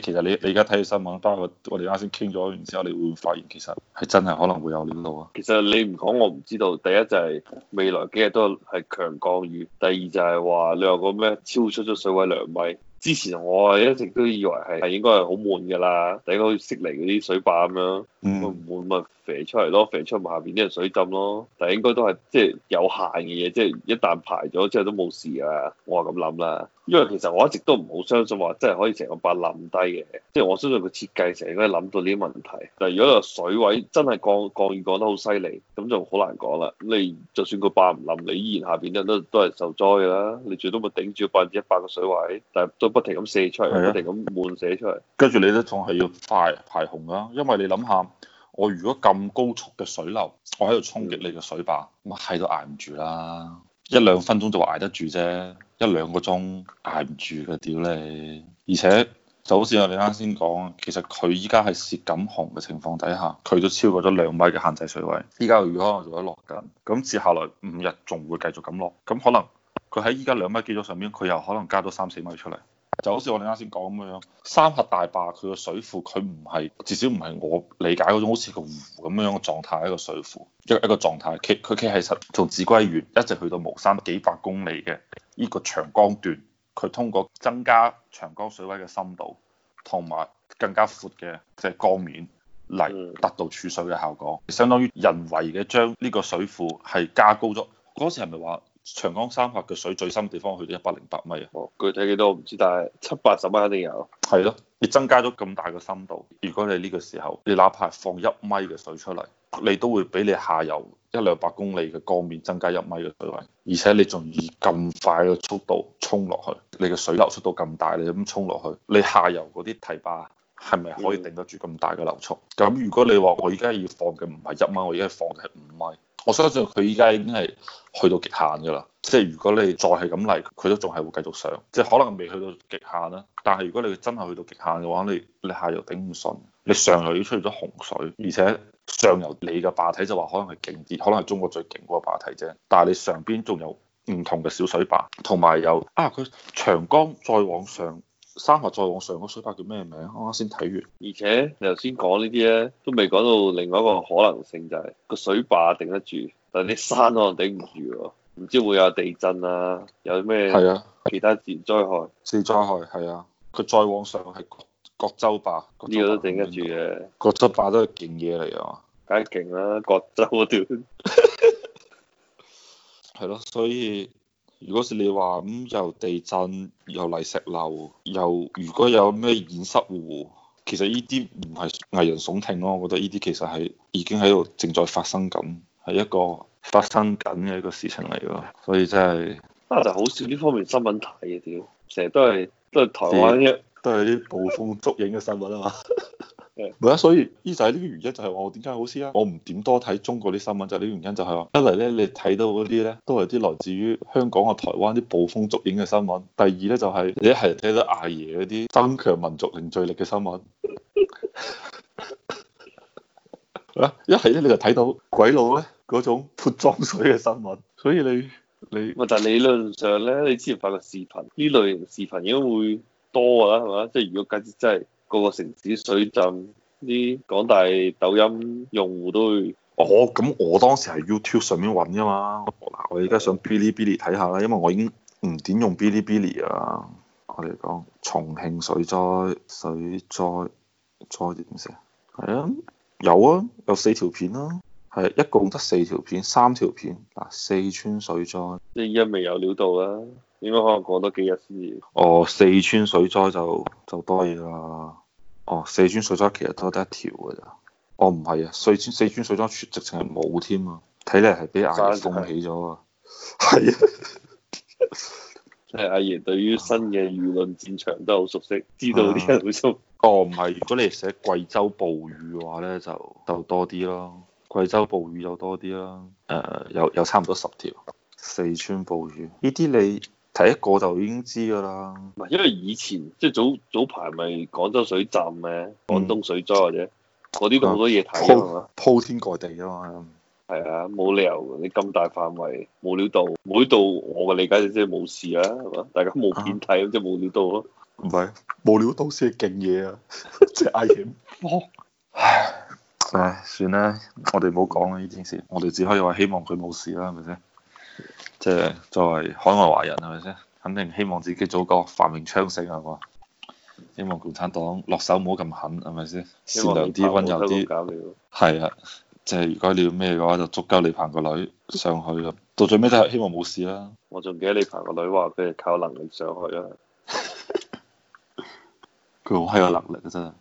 其實你你而家睇新聞，包括我哋啱先傾咗完之後，你會發現其實係真係可能會有料到啊。其實你唔講我唔知道，第一就係未來幾日都係強降雨，第二就係、係、話你話個咩超出咗水位兩米。之前我一直都以為係係應該係好悶嘅啦，第一佢釋離嗰啲水壩咁樣，咁、嗯、悶咪飛出嚟咯，飛出咪下邊啲人水浸咯。但係應該都係即係有限嘅嘢，即係一旦排咗之後都冇事啊。我係咁諗啦，因為其實我一直都唔好相信話真係可以成個壩冧低嘅，即係我相信個設計成日應該諗到呢啲問題。但係如果個水位真係降降雨降得好犀利，咁就好難講啦。你就算個壩唔冧，你依然下邊都都都係受災㗎啦。你最多咪頂住百分之一百嘅水位，但係都。不停咁射出嚟，不停咁緩射出嚟。跟住你都仲係要快排洪啦，因為你諗下，我如果咁高速嘅水流，我喺度衝擊你嘅水壩，咁係都挨唔住啦。一兩分鐘就話挨得住啫，一兩個鐘挨唔住嘅，屌你！而且就好似我哋啱先講，其實佢依家係泄緊洪嘅情況底下，佢都超過咗兩米嘅限制水位。依家雨可能仲喺落緊，咁接下來五日仲會繼續咁落，咁可能佢喺依家兩米基礎上面，佢又可能加多三四米出嚟。就好似我哋啱先講咁樣，三峽大壩佢個水庫，佢唔係，至少唔係我理解嗰種好似個湖咁樣嘅狀態一個水庫，一一個狀態。佢佢其實從秭歸縣一直去到巫山幾百公里嘅呢個長江段，佢通過增加長江水位嘅深度同埋更加闊嘅即係江面嚟達到儲水嘅效果，相當於人為嘅將呢個水庫係加高咗。嗰時係咪話？長江三峽嘅水最深地方去到一百零八米啊！哦，具體幾多我唔知，但係七八十米肯定有。係咯，你增加咗咁大嘅深度，如果你呢個時候，你哪怕放一米嘅水出嚟，你都會俾你下游一兩百公里嘅江面增加一米嘅水位，而且你仲以咁快嘅速度衝落去，你嘅水流速度咁大，你咁衝落去，你下游嗰啲堤壩係咪可以頂得住咁大嘅流速？咁、嗯、如果你話我而家要放嘅唔係一米，我而家要放嘅係五米。我相信佢依家已經係去到極限㗎啦，即係如果你再係咁嚟，佢都仲係會繼續上，即係可能未去到極限啦。但係如果你真係去到極限嘅話，你你下游頂唔順，你上游已經出現咗洪水，而且上游你嘅壩體就話可能係勁啲，可能係中國最勁嗰個壩體啫。但係你上邊仲有唔同嘅小水壩，同埋有，有啊，佢長江再往上。三峽再往上個水壩叫咩名？啱啱先睇完。而且你頭先講呢啲咧，都未講到另外一個可能性，就係、是、個水壩頂得住，但係啲山可能頂唔住喎。唔知會有地震啊，有咩？係啊，其他自然災害。自然、啊、災害係啊，佢再往上係葛，葛洲壩。呢個都頂得住嘅。葛洲壩都係勁嘢嚟啊嘛。梗係勁啦，葛洲段。係咯，所以。如果是你話咁，又地震又泥石流又如果有咩堰塞湖，其實呢啲唔係危言聳聽咯，我覺得呢啲其實係已經喺度正在發生緊，係一個發生緊嘅一個事情嚟嘅。所以真係啊，就是、好少呢方面新聞睇嘅屌，成日都係都係台灣嘅，都係啲捕風捉影嘅新聞啊嘛。 唔係啊，所以依就係呢個原因，就係話我點解好似啊？我唔點多睇中國啲新聞，就係呢個原因，就係話一嚟咧，你睇到嗰啲咧，都係啲來自於香港啊、台灣啲捕風捉影嘅新聞；第二咧、就係，就係你一係睇到阿爺嗰啲增強民族凝聚力嘅新聞， 一係咧你就睇到鬼佬咧嗰種潑髒水嘅新聞，所以你你，但係理論上咧，你之前發個視頻，呢類型視頻應該會多啊，係嘛？即、就、係、是、如果計真係。個個城市水浸，啲廣大抖音用戶都會。哦，咁我當時喺 YouTube 上面搵噶嘛。嗱的，我而家上 Bilibili 睇下啦，因為我已經唔點用 Bilibili 啊。我哋講重慶水災，水災災字點寫？係啊，有啊，有四條片啦，啊，係一共得四條片，三條片嗱，四川水災。你依家未有料到啊？應該可能過多幾日先。哦，四川水災就就多嘢啦。哦，四川水災其實都得一條㗎咋？哦，唔係啊，四川四川水災直情係冇添啊，睇嚟係俾阿爺封起咗啊。係啊，即係阿爺對於新嘅輿論戰場都好熟悉，知道啲人會做、啊。哦，唔係，如果你寫貴州暴雨嘅話咧，就就多啲咯，貴州暴雨就多啲啦。誒、呃，有有差唔多十條。四川暴雨呢啲你？睇一個就已經知㗎啦，唔係因為以前即係早早排咪廣州水浸咧，廣東水災或者嗰啲都好多嘢睇嘅鋪天蓋地啊嘛，係啊，冇理由你咁大範圍冇料到冇料到，我嘅理解就即係冇事啊，係嘛，大家冇點睇，即係冇料到咯，唔係冇料到先係勁嘢啊，即係危險，唉唉算啦，我哋唔好講啦呢件事，我哋只可以話希望佢冇事啦，係咪先？即係作為海外華人係咪先？肯定希望自己祖國繁榮昌盛啊！喎，希望共產黨落手唔好咁狠係咪先？善良啲溫柔啲，係啊！即係如果你要咩嘅話，就祝夠李鵬個女上去啊！ 到最尾都係希望冇事啦。我仲記得李鵬個女話佢係靠能力上去啊。佢好閪有能力啊！真係。